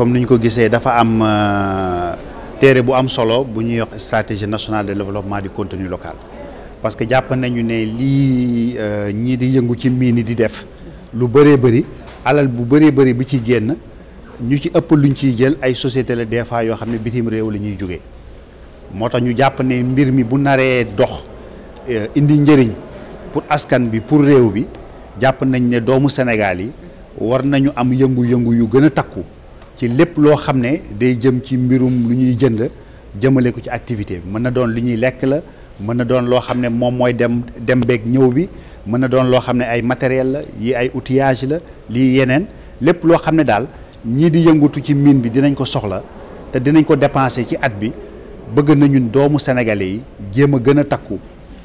comme ni ñu ko gisee dafa am euh, téere bu am solo bu ñuy wax stratégie nationale de développement du contenu local parce que jàpp nañu ne lii euh, ñii di yëngu ci mii ni di def lu bëree bëri alal bu bëree bëri bi ci génn ñu ci ëpp luñ ciy jël ay société la des fois yoo xam ne bitim réew la ñuy jógee moo tax ñu jàpp ne mbir mi bu naree dox euh, indi njëriñ pour askan bi pour réew bi jàpp nañ ne doomu Sénégal yi war nañu am yëngu-yëngu yu gën a takku ci lépp loo xam ne day jëm ci mbirum lu ñuy jënd jëmale ko ci activité bi mën na doon lu ñuy lekk la mën na doon loo xam ne moom mooy dem dem beeg ñëw bi mën na doon loo xam ne ay matériel la yi ay outillage la lii yeneen lépp loo xam ne daal ñii di yëngutu ci mine bi dinañ ko soxla te dinañ ko dépenser ci at bi bëgg nañu doomu sénégalais yi jéem a gën a takku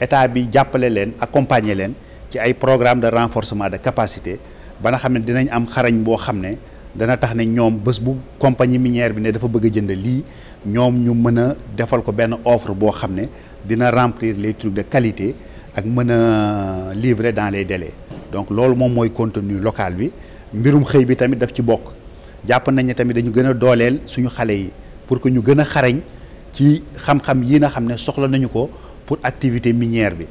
état bi jàppale leen accompagner leen ci ay programme de renforcement de capacité ba nga xam ne dinañ am xarañ boo xam ne dana tax ne ñoom bés bu compagnie minière bi ne dafa bëgg a jënd lii ñoom ñu mën a defal ko benn offre boo xam ne dina remplir les trucs de qualité ak mën a livrer dans les délais donc loolu moom mooy contenu locale bi mbirum xëy bi tamit daf ci bokk jàpp nañ ne tamit dañu gën a dooleel suñu xale yi pour que ñu gën a xarañ ci xam-xam yi nga xam ne soxla nañu ko pour activité minière bi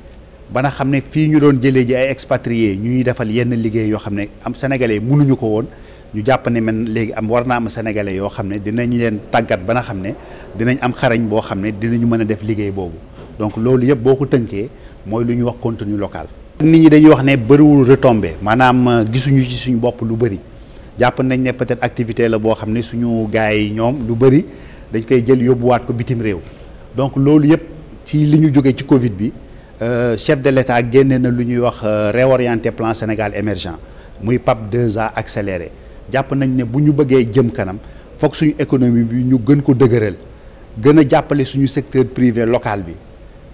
ba nga xam ne fii ñu doon jëlee ji ay expatriés ñu ñuy defal yenn liggéey yoo xam ne am sénégalais mënuñu ko woon ñu jàpp ne man léegi am war naa am sénégalais yoo xam ne dinañ leen tàggat ba nga xam ne dinañ am xarañ boo xam ne dinañu mën a def liggéey boobu donc loolu yëpp boo ko tënkee mooy lu ñuy wax contenu local. nit ñi dañuy wax ne bëriwul retombé maanaam euh, gisuñu ci suñu bopp lu bëri jàpp nañ peut-être activité la bo xam ne suñu gars yi ñoom lu bëri dañ koy jël yóbbuwaat ko bitim réew donc loolu yëpp ci li ñu ci Covid bi euh, chef de l'État génne na lu wax euh, réorienter plan Sénégal émergent muy PAP 2 ans accéléré. japp nañ ne buñu bëggé jëm kanam fokk suñu économie bi ñu gën ko dëgeural gëna jappalé suñu secteur privé local bi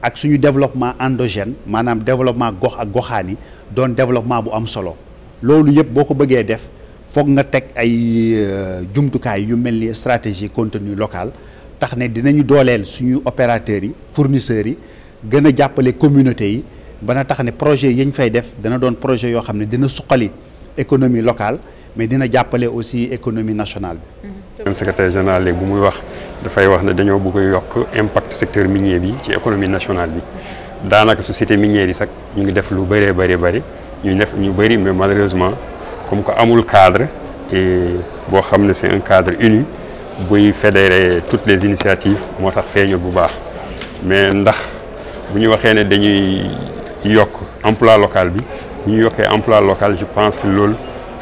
ak suñu développement endogène manam développement gox ak goxani doon développement bu am solo loolu yëpp boko bëggé def fokk nga tek ay euh, jumtukaay yu melni stratégie contenu local tax ne dinañu dolel suñu opérateur yi fournisseur yi gëna jappalé communauté yi bana tax ne projet yiñ fay def dana doon projet yo xam dina suqali économie locale mais dina a aussi économie nationale Le mm-hmm. secrétaire général a dit muy wax dafay wax né dañoo bëgg secteur minier bi ci nationale mm-hmm. Dans la société minière yi sax ñu ngi def lu ñu def ñu mais malheureusement comme ko amul cadre et nous xamné c'est un cadre uni buy fédérer toutes les initiatives motax tax bu baax mais ndax bu ñu waxé né dañuy yok emploi local bi ñu emploi local je pense que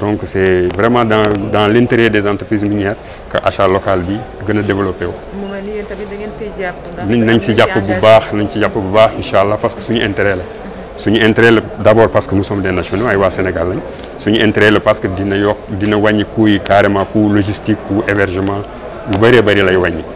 donc c'est vraiment dans dans l'intérêt des entreprises minières que l'achat local est développé wu. avez des ni de tamit da ngeen siy nañ bu baax bu baax parce que suñu intérêt la. Mhm. suñu intérêt D'abord parce que nous sommes des nationaux ay sommes Sénégal lañ suñu intérêt parce que dina yokk dina wàññi coût yi carrément coût logistique coût hébergement lu de bëri lay